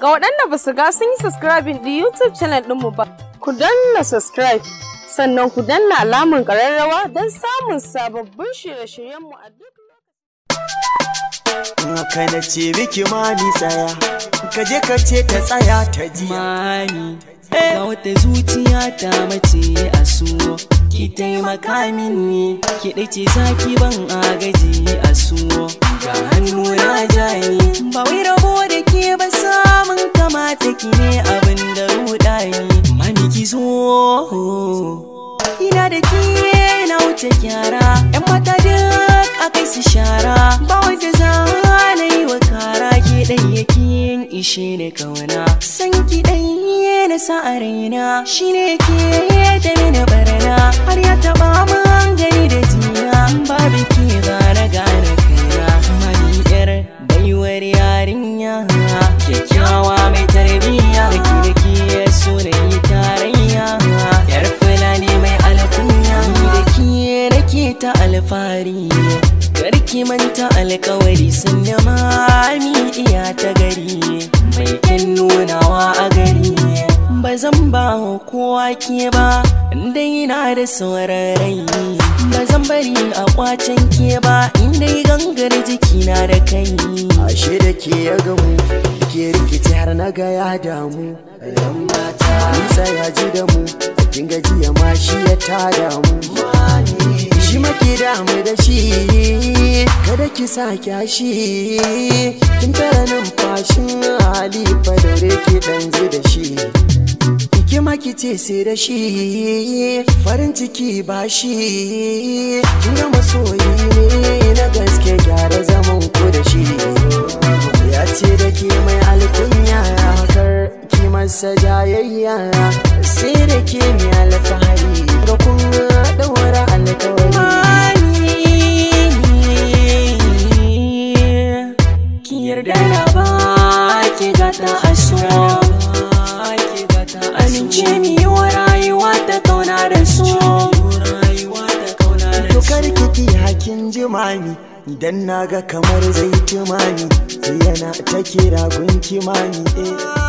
Ga waɗanda ba su ga sun yi subscribing ɗin YouTube channel ɗinmu ba, ku danna subscribe sannan ku danna alamun ƙararrawa don samun sababbin shirye-shiryenmu a duk lokacin. Ka na ce miki mani tsaya, ka je ka ce ta tsaya ta jiya. Mani, ga wata zuciya ta mace a suwa, ki taimaka mini, ki ɗace zaki ban agaji a suwa. Ga hannu na jani, ba wai rabo da ne ba samun kamata ki ne abin da ruɗa ni ki zo ina da ki na wuce kyara yan mata duk akai su shara ba wanda za yi wa kara ke ɗan yin ishe ne kauna san ki ɗan na sa a raina shine ke da mini barna har ya taɓa man gani da jiya babu ki ba na gane kaina mami yar baiwar ta alfahari karki manta alkawari sun da mi iya ta gari mai kin nunawa a gari ba zan ba kowa ke ba dai na da saurarai ba zan bari a kwacen ke ba dai gangar jiki na da kai ashe da ke ya gamu ke rikici har na ga ya damu yan ta nisa ya ji da mu kin gajiya ma shi ya ta damu. shi da damu da shi kada ki sa kyashi kin tara numfashin ali fa daure ki zu da shi ki maki ce sai da shi farin ciki ba shi kin ga masoyi ne na gaske gyara zaman ku da shi ya ce da ke mai alkunya kar ki masa jayayya sai da ke mai alfahari so Amince mi yi wa rayuwa da kauna da so Dokar kiki hakin jimami Idan na ga kamar zai tumami Sai yana ta kira gunki mami eh.